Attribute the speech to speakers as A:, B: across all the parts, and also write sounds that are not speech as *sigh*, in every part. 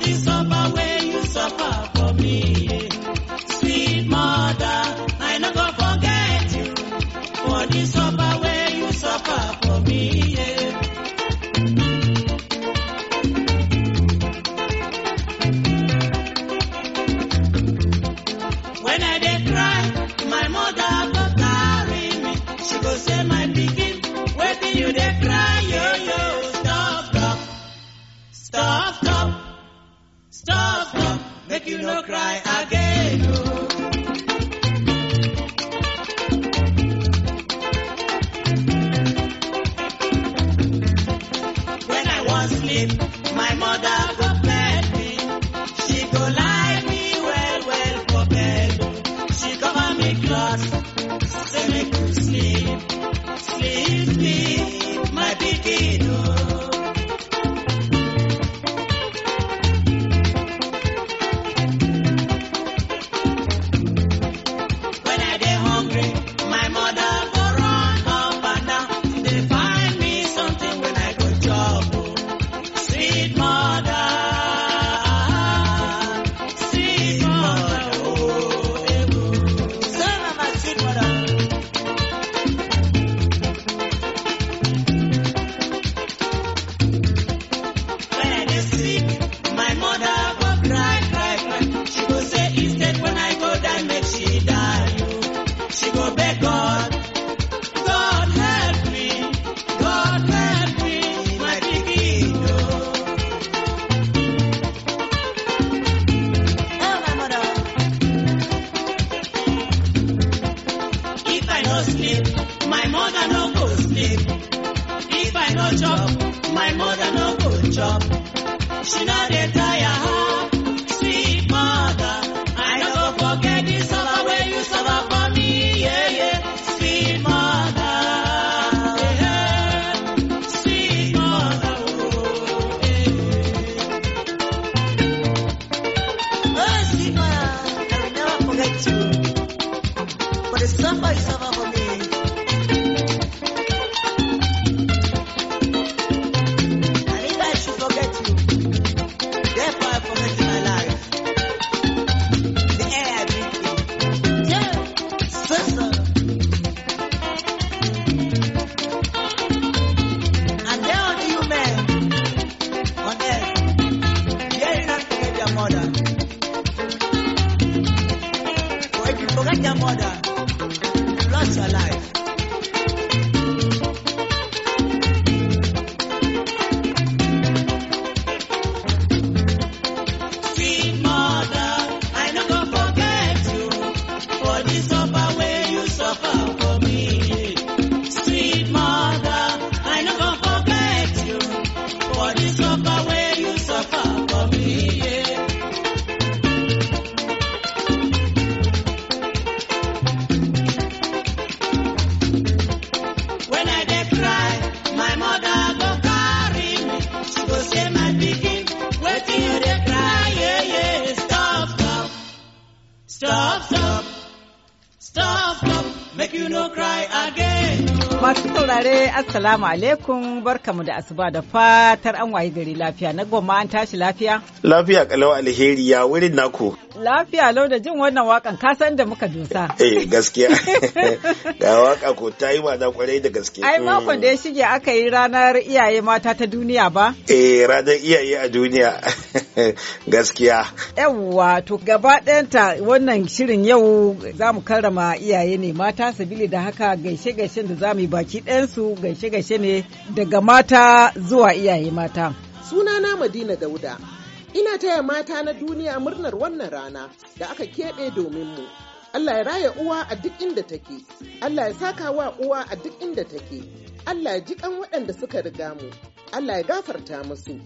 A: Paradiso.
B: Assalamu alaikum barkamu da asuba da fatar an wayi gari lafiya na goma an tashi lafiya?
C: Lafiya kalau alheri ya wurin naku.
B: Lafiya lau da jin wannan wakan ka da muka dusa. *laughs*
C: Eh gaskiya. Da *laughs* waka ko ta yi wada kwarai da gaske. Ai makon da ya
B: mm. shige aka yi ranar iyaye mata ta duniya ba?
C: Eh ranar iyaye a duniya. *laughs* Gaskiya.
B: Yawwa to gaba ɗayanta wannan shirin yau za mu karrama iyaye ne mata sabili da haka gaishe gaishe da za mu yi baki ɗayansu gaishe-gaishe ne daga mata zuwa iyaye mata.
C: Sunana Madina Dauda. Ina taya mata na duniya murnar wannan rana da aka
B: keɓe domin mu. Allah ya raya uwa a duk inda take, Allah ya saka wa uwa a duk inda take, Allah ya ji kan waɗanda suka riga mu, Allah ya gafarta musu.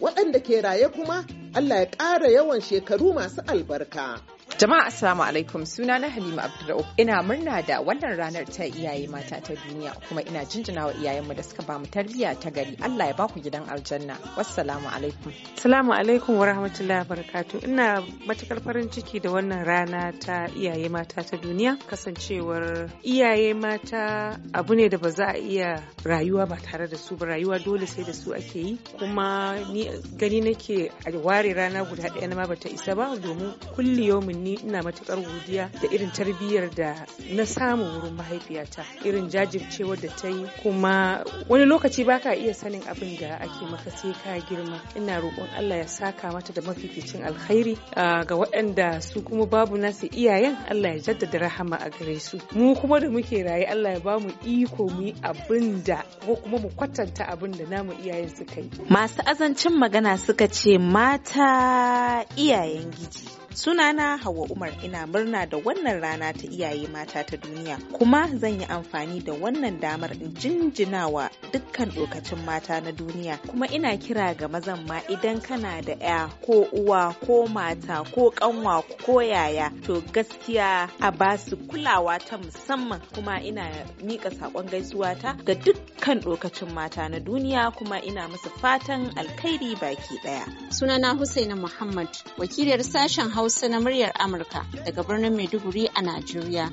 B: Waɗanda ke raye kuma, Allah ya ƙara yawan shekaru masu albarka. Jama'a Assalamu alaikum suna na Halima Abdulrauf ina murna da wannan ranar ta iyaye mata ta
D: duniya kuma ina jinjina wa iyayenmu da suka bamu tarbiyya ta gari Allah ya baku gidan aljanna wassalamu alaikum. Assalamu alaikum wa rahmatullahi barakatu ina matukar farin ciki da wannan rana ta iyaye mata ta duniya kasancewar iyaye mata abu ne da ba za a iya rayuwa ba tare da su ba rayuwa dole sai da su ake yi kuma ni gani nake a ware rana guda ɗaya na ma bata isa ba domin kulli kulliyomin ni ina matukar godiya da irin tarbiyyar da na samu wurin mahaifiyata irin jajircewar da ta yi kuma wani lokaci baka iya sanin abin da ake maka sai ka girma ina roƙon Allah ya saka mata da mafificin alkhairi ga waɗanda su kuma babu nasu iyayen Allah ya jaddada rahama a gare su mu kuma da muke raye Allah ya bamu iko mu yi abin da ko kuma mu kwatanta abin da namu iyayen suka yi masu azancin
E: magana suka ce mata iyayen giji Sunana Hawa Umar ina murna da wannan rana ta iyaye mata ta duniya kuma zan yi amfani da wannan damar in jinjinawa dukkan lokacin mata na duniya kuma ina kira ga mazan ma idan kana da ya ko uwa ko mata ko kanwa ko yaya to gaskiya a basu kulawa ta musamman kuma ina mika sakon gaisuwa ta ga dukkan lokacin mata na duniya kuma ina musu fatan alkhairi baki daya. Sunana hussaina Muhammad wakiliyar sashen Hausa na muryar Amurka daga birnin Maiduguri a Najeriya.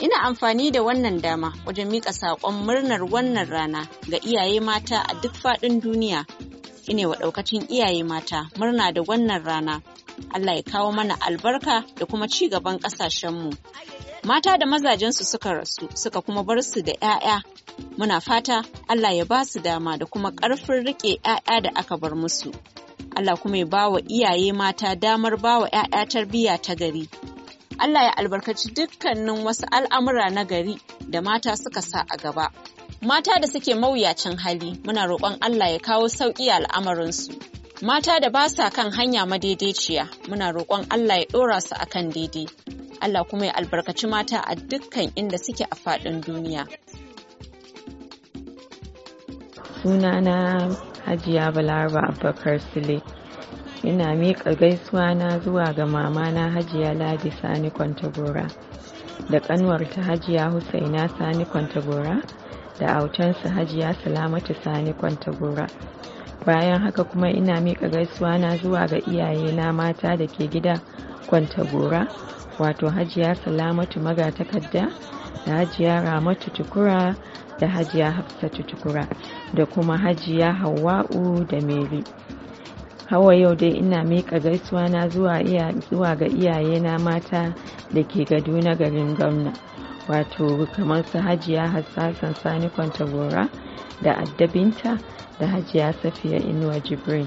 E: Ina amfani da wannan dama wajen miƙa saƙon murnar wannan rana ga iyaye mata a duk faɗin duniya. Ine wa ɗaukacin iyaye mata murna da wannan rana. Allah ya kawo mana albarka da kuma ci gaban ƙasashenmu. Mata da mazajensu suka rasu suka kuma bar su da 'ya'ya muna fata Allah ya ba su dama da kuma ƙarfin riƙe 'ya'ya da aka bar musu. Allah kuma ya bawa iyaye mata damar bawa 'ya'ya tarbiyya ta gari. Allah ya albarkaci dukkanin wasu al'amura na gari da mata suka sa a gaba. Mata da suke mawuyacin hali muna roƙon Allah ya kawo sauƙi a al'amarinsu. Mata da ba sa kan hanya madaidaiciya muna roƙon Allah ya ɗora su a kan daidai. Allah kuma ya albarkaci mata a dukkan inda suke a faɗin duniya.
D: Sunana hajiya balaraba abubakar sule ina miƙa gaisuwa na zuwa ga mamana hajiya ladi sani kwantagora da kanwarta hajiya husaina sani kwantagora da autansu hajiya salamatu sani kwantagora bayan haka kuma ina miƙa gaisuwa na zuwa ga iyaye na mata da ke gida kwantagora wato hajiya salamatu magatakarda da hajiya ramatu tukura da hajiya hafsatu tukura da kuma hajiya hawa'u da meri hawa yau dai ina miƙa gaisuwa na zuwa ga iyayena mata da ke gado na garin gwamna wato kamar su hajiya hassan sani kwantagora da addabinta da hajiya safiya inuwa jibrin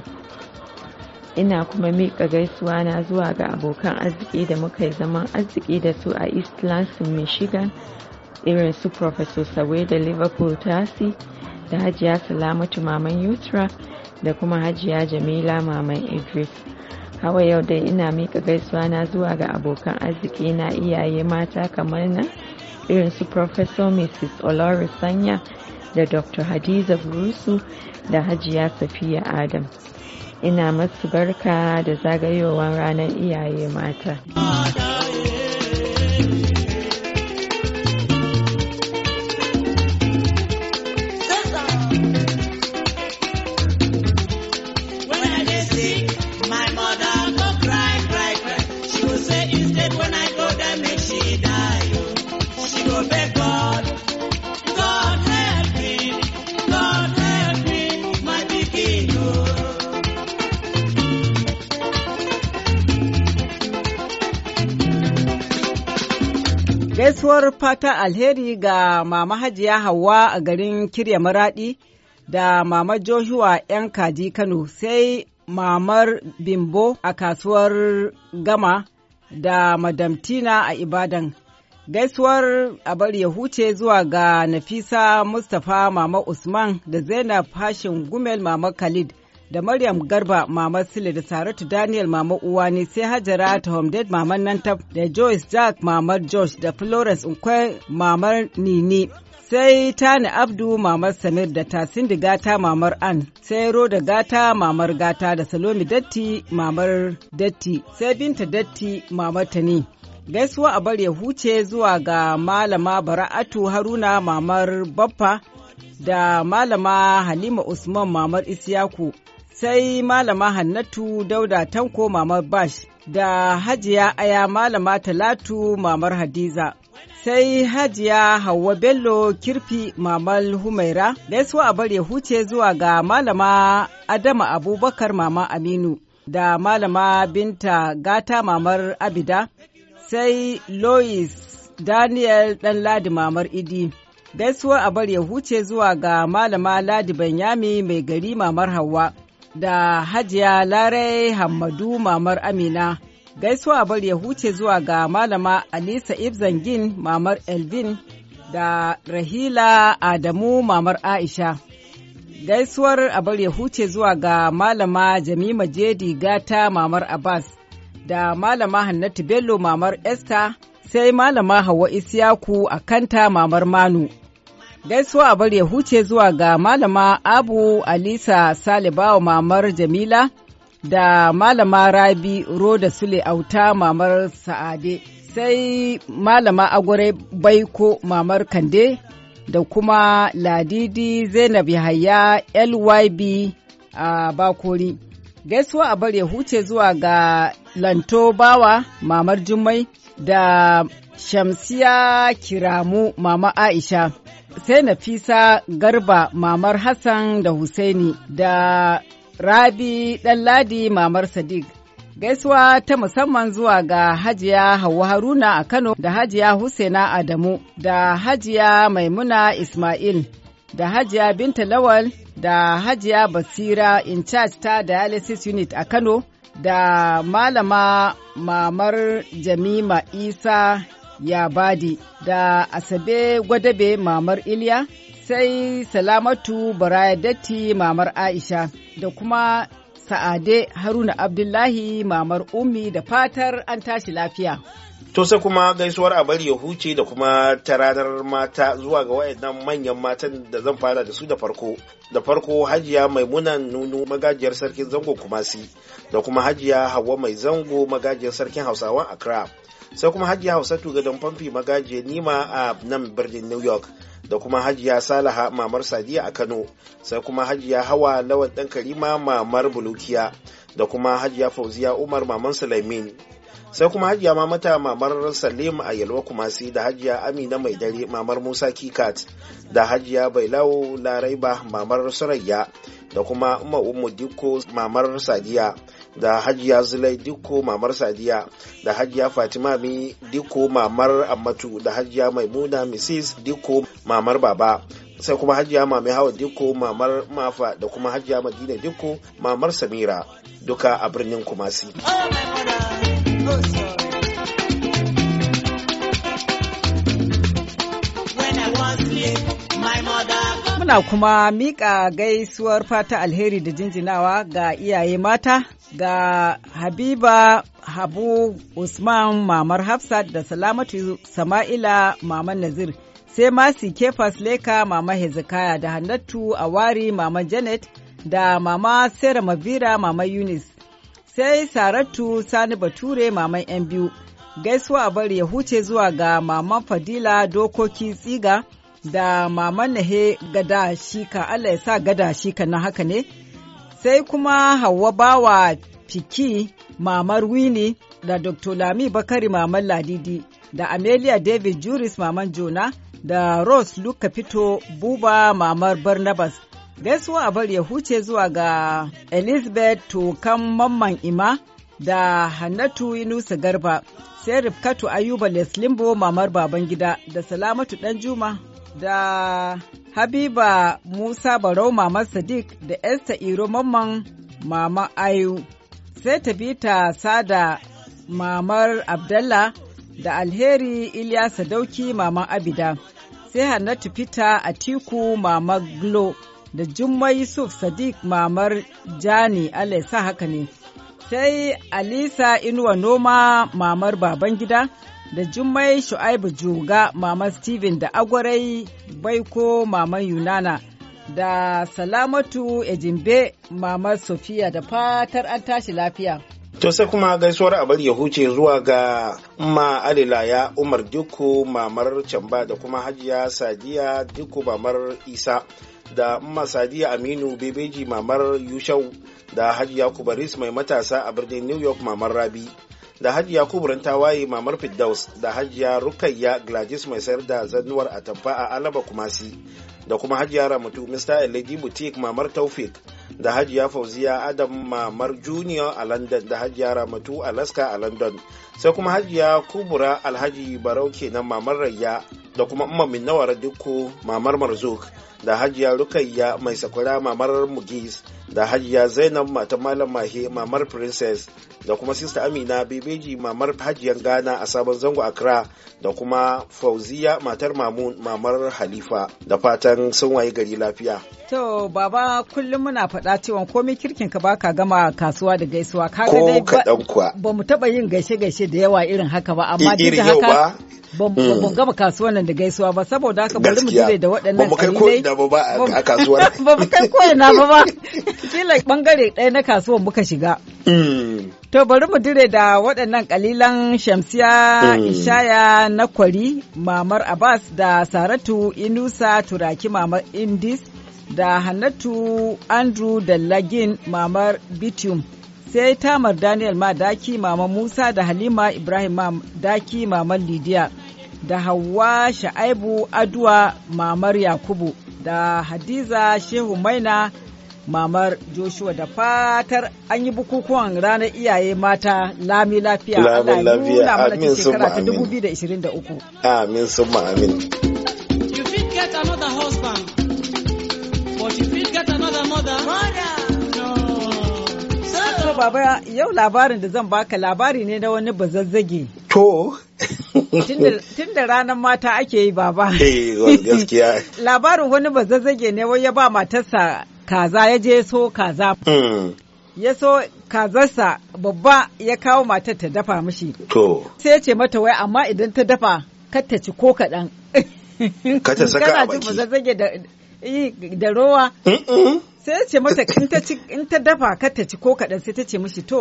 D: ina kuma miƙa gaisuwa na zuwa ga abokan arziki da muka yi zaman arziki da su a east lansing michigan irin su professor sawe da liverpool tasi da hajiya salamatu maman yutra da kuma hajiya jamila maman idris hawa yau dai ina miƙa gaisuwa na zuwa ga abokan arziki na iyaye mata kamar nan irin su professor mrs olori sanya da dr hadiza burusu da hajiya safiya adam ina masu barka da zagayowar ranar iyaye mata.
B: gaisuwar fata alheri ga mama hajiya hawa a garin kirya maradi da mama joshua 'yan kaji kano sai mamar bimbo a kasuwar gama da Madamtina a ibadan gaisuwar a ya huce zuwa ga nafisa mustapha mama usman da zainab hashin gumel mama khalid da Maryam Garba Mama Sule da Saratu Daniel Mama Uwani sai Hajara ta Homded mama Nantab; da Joyce Jack Mama Josh da Florence Nkwe mama Nini. Sai Tani Abdu Mamar Samir da Tasindi Gata Mamar An, sai da Gata Mamar Gata da Salomi Datti Mamar Datti, sai Binta Datti Mamar Tani. Gaisuwa a bar ya huce zuwa ga Malama Bara'atu Haruna Mamar Baffa da Malama Halima Usman Mamar Isiyaku sai Malama Hannatu Dauda Tanko Mamar Bash da Hajiya Aya Malama Talatu Mamar Hadiza. Sai Hajiya Hauwa Bello Kirfi Mamal Humaira, su a bare huce zuwa ga Malama Adama Abubakar Mama Aminu da Malama Binta Gata Mamar Abida, sai Lois Daniel Ladi, Mamar Idi. Gaisuwa a ya huce zuwa ga Malama Ladi Banyami mai gari Mamar Hauwa. da Hajiya Larai Hammadu Mamar Amina. Gaisuwa bari ya huce zuwa ga Malama Alisa Ibzangin Mamar Elvin da Rahila Adamu Mamar Aisha. Gaisuwar a bar ya huce zuwa ga Malama Jamima Jedi Gata Mamar Abbas da Malama Hannatu Bello Mamar Esther sai Malama Hawa Isiyaku a kanta Mamar Manu. Gaisuwa a bari ya huce zuwa ga Malama Abu Alisa Salibawa Mamar Jamila da Malama Rabi Roda Sule Auta Mamar Sa'ade. Sai Malama Agware Baiko Mamar Kande da kuma Ladidi Zainab Yahaya LYB a Bakori. Gaisuwa a bari ya huce zuwa ga Lanto Bawa Mamar Jummai da Shamsiya Kiramu Mama Aisha. sai Nafisa Garba Mamar Hassan da Husaini da Rabi Ɗanladi Mamar Sadiq. Gaisuwa ta musamman zuwa ga Hajiya Hauwa Haruna a Kano da Hajiya Husaina Adamu da Hajiya Maimuna Ismail da Hajiya Binta Lawal da Hajiya Basira in charge ta dialysis unit a Kano da Malama Mamar Jamima Isa Ya Yabadi da Asabe Gwadabe Mamar Iliya, sai Salamatu datti Mamar Aisha da kuma Sa'ade Haruna Abdullahi Mamar Ummi da fatar an tashi lafiya.
C: To sai kuma gaisuwar a bari ya huce da kuma ta ranar mata zuwa ga waɗannan manyan matan da zan fara da su da farko. Da farko hajiya maimunan nunu magajiyar sarkin zango kumasi da kuma hajiya hawa mai zango magajiyar sarkin hausawan accra. sai kuma hajiya hausatu gadon famfi magajiya nima a nan birnin new york da kuma hajiya salaha mamar sadiya a kano sai kuma hajiya hawa lawan ɗan karima mamar bulukiya da kuma hajiya fauziya umar maman sulaimin sai kuma hajiya mamata mamar salim a yalwa kumasi da hajiya amina mai dare mamar musa kikat da hajiya bailawo laraiba mamar surayya da kuma umar umu dikko mamar sadiya da hajiya zulai dikko mamar sadiya da hajiya fatima mi dikko mamar ammatu da hajiya maimuna mrs dikko mamar baba sai kuma hajiya mami hawa dikko mamar mafa da kuma hajiya madina dikko mamar samira duka a birnin kumasi
B: Muna kuma mika gaisuwar fata alheri da jinjinawa ga iyaye mata ga Habiba Habu Usman Mamar Hafsat da Salamatu Sama'ila Maman Nazir. Sai Masi Kefas Leka Mama Hezekiah da Hannatu Awari Mama Janet da Mama Sera Mavira Mama Yunis. Sai Saratu Sani Bature mama 'yan biyu. Gaisuwa a bari ya huce zuwa ga Mama Fadila Dokoki Tsiga da Maman Nahe Gada Shika. Allah ya sa Gada Shika na haka ne. sai kuma Hauwa Bawa Fiki, Mamar wini da Dr. Lami Bakari mamar Ladidi da Amelia David Juris Maman Jona da Rose Luka Fito Buba Mamar Barnabas. Gaisuwa a bari ya huce zuwa ga Elizabeth Tokan Mamman Ima da Hannatu Yunusa Garba, sai Rifkatu Ayuba Leslimbo Mamar Babangida da Salamatu juma. da Habiba Musa Barau Mama Sadiq da Esther Iro Mamman Mama Ayu, sai ta Sada Mamar Abdallah da Alheri Iliya Sadauki Mama Abida, sai Hannatu Fita Atiku Mama Glo da Jumma Yusuf Sadiq Mamar Jani Allah haka ne, sai Alisa Inuwa Noma Mamar Babangida. gida. da Jummai Shu'aibu Juga Mama Steven da Agwarai Baiko Mama Yunana da Salamatu Ejimbe Mama Sofiya da fatar an tashi lafiya.
C: To sai kuma gaisuwar abar ya huce zuwa ga ma alilaya Umar duku Mamar Camba da kuma Hajiya Sadiya duku Mamar Isa da Umma Sadiya Aminu Bebeji Mamar Yushau da Hajiya Kubaris mai matasa a birnin New York Mamar Rabi. da hajiya kuburin tawaye mamar Fiddaus da hajiya Rukayya Gladys mai sayar da zannuwar atamfa a Alaba Kumasi da kuma hajiya Ramatu Mr. Elegi Boutique mamar Taufik da hajiya Fauziya Adam mamar Junior a London da hajiya Ramatu Alaska a London sai kuma hajiya Kubura Alhaji Barau kenan mamar Rayya da kuma Umma Minnawar Dukku mamar Marzuk da hajiya Rukayya mai sakura mamar Mugis da hajiya zainab mata malam mahe mamar princess da kuma sista amina bebeji mamar hajiyar ghana a sabon zango accra da kuma fauziya matar mamun mamar halifa da fatan sun waye gari lafiya
B: To baba kullum muna faɗa cewa komai kirkin ka baka gama kasuwa da gaisuwa kaga dai ba mu taɓa yin gaishe-gaishe da yawa irin haka ba amma duk da haka ba mu hmm. gama kasuwa nan da gaisuwa ba saboda haka bari mu jire da waɗannan kalilai ba
C: mu kai ko a kasuwar *laughs* ba
B: mu kai ko ina ba ba *laughs* kila bangare ɗaya na kasuwa muka shiga
C: hmm.
B: To bari mu dire da waɗannan kalilan Shamsiya hmm. Ishaya na kwari Mamar Abbas da Saratu Inusa Turaki Mamar Indis da Hannatu Andrew da Lagin Mamar Bitium. sai tamar daniel madaki mamar musa da halima ibrahim madaki mamar lidiya da hawa sha'aibu aduwa mamar yakubu da hadiza shehu maina mamar joshua da fatar an yi bukukuwan ranar iyaye mata lami lafiya allah nuna mana shekara ta 2023
C: amin summa amin
B: Baba yau labarin da zan baka labari ne na wani bazazzage. To. Tun da ranar mata ake yi baba. *laughs* Eh, gaskiya. Labarin wani bazazzage ne wai ya ba matarsa kaza ya je so kaza. Hmm. Ya so kazarsa babba ya kawo matar ta dafa mishi. To. Sai ya ce mata wai amma idan ta dafa kar ta ci ko kaɗan.
C: Kata saka a baki. Kana cin
B: bazazzage da eh, rowa. sai ce mata in ta dafa ka ta ci ko kaɗan sai ta ce mishi to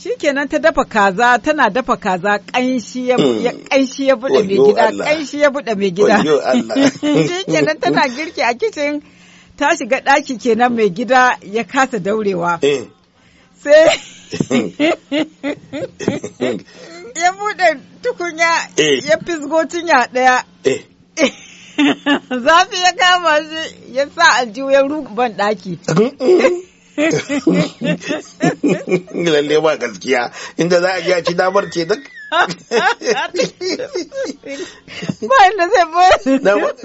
B: shikenan ta dafa kaza tana dafa kaza kanshi ya buɗe ya mai gida kanshi ya buɗe mai gida *laughs* shikenan tana girki a kicin ta shiga ɗaki kenan mai gida ya kasa daurewa eh. sai *laughs* *laughs* ya buɗe tukunya eh. ya fisgo cinya ɗaya. Eh. *laughs* Zafi ya kama shi ya sa aljihu ya ruban ɗaki. *laughs*
C: Lalle ba gaskiya inda za a ji a ci damar ce duk.
B: *laughs* Ba inda zai
C: bayar. Damar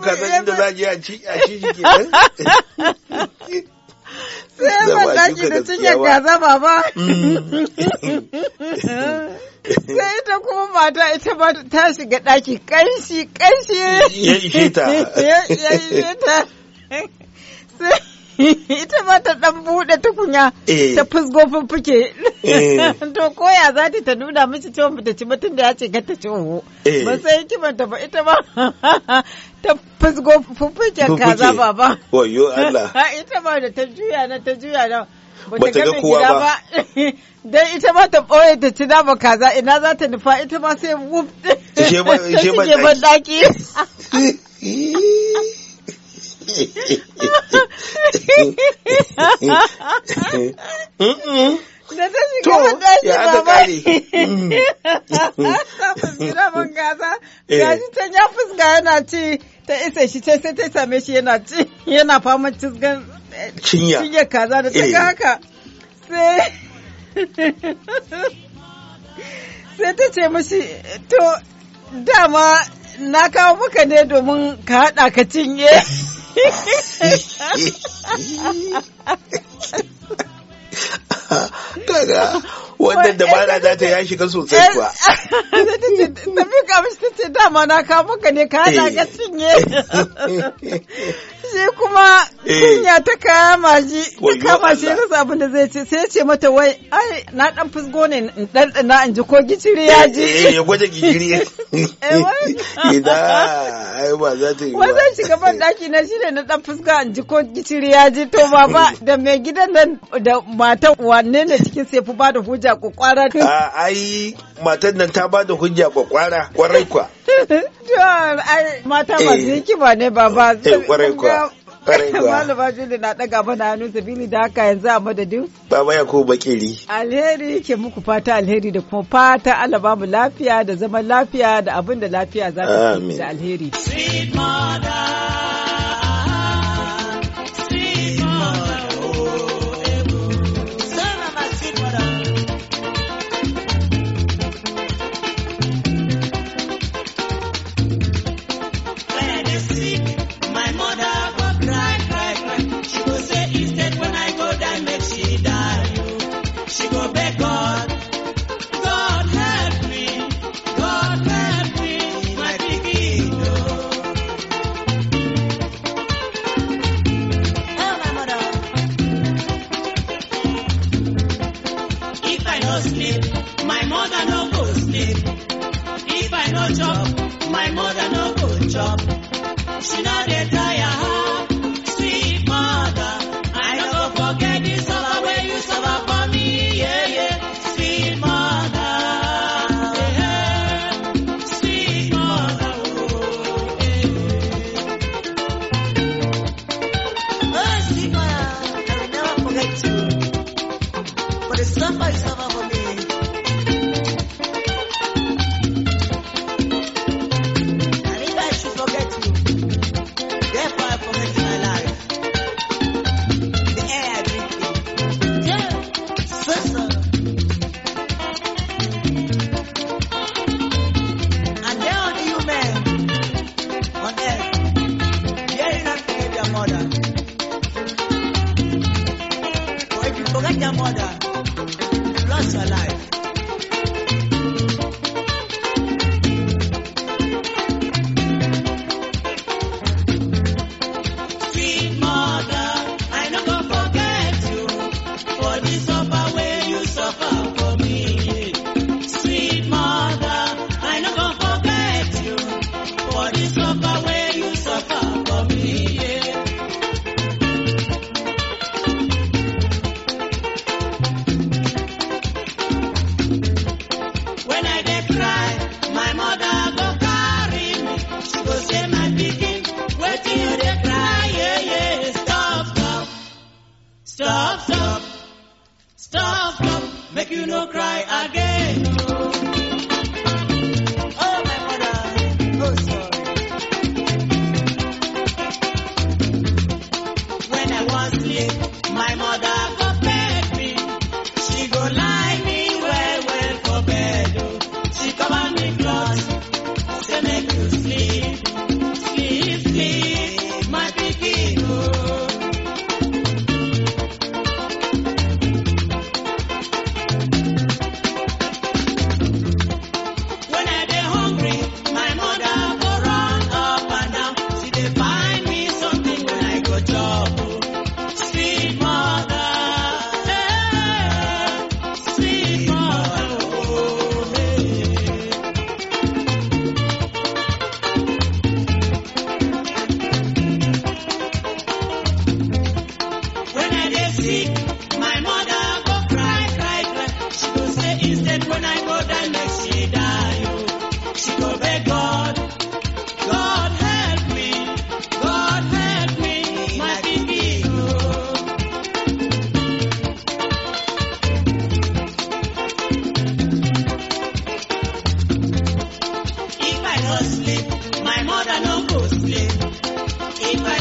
C: kasar inda za a ji a ci shi ke sai ban da cikin gaza baba sai ita kuma
B: mata ita ba ta shiga daki kanshi kanshi ya ishe ta *laughs* ya ta ita ba ta dan bude tukunya eh. ta fusgo fuke eh. *laughs* to koya za ta nuna mishi cewa ta ci mutum da ya ce gata ci oho eh. ba sai kimanta ba ita ba *laughs* ta fusgo fuffuken kaza baba wayo Allah *laughs* ita ba da ta juya na ta juya na ga kowa ba *laughs* dan ita ma ta ɓoye ta ci ba kaza ina za ta nufa ita ma sai wuf ta *laughs* shige ban da *laughs* mm. ta shiga haɗari ba ba samun zirabin eh. gaza gaji can ya fuska yana ci ta isa shi can sai ta same shi yana ci yana fama cizgan eh,
A: cinya
B: kaza da ta eh. haka sai sai ta ce mashi to dama na kawo maka ne domin ka haɗa ka cinye *laughs* wannan dabara
C: za ta ya shiga sosai eh, kuwa.
B: Na fi kamshi ta ce dama na kawo maka ne ka hada ka eh. cinye. *laughs* Sai kuma Eh. ya ta kama shi ta kama shi rasa abin da zai ce sai ya ce mata wai ai na ɗan fusgo ne dan na in ji ko giciri ya ji eh, eh
C: ya gwaje giciri *laughs* eh, ida ai ba za ta yi ba zai
B: shiga ban daki na shi ne na ɗan fusga in ji ko giciri ya ji to baba da mai gidan nan da matan wanne ne cikin sai fi ba da hujja kwakwara
C: ai matan nan ta ba da hujja kwakwara kwarai kwa
B: *laughs* mata masu kima ne baba kwarai kwa
C: ba
B: *laughs* Juli na ɗaga mana hannun sabili da haka yanzu a madadin.
C: Baba ya ko bakiri.
B: Alheri ke muku fata alheri da kuma fata Allah ba mu lafiya da zaman lafiya da abin da lafiya za ta da alheri.
A: no sleep, my mother no go sleep. If I no chop, my mother no go chop. She not dey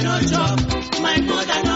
A: no job, my mother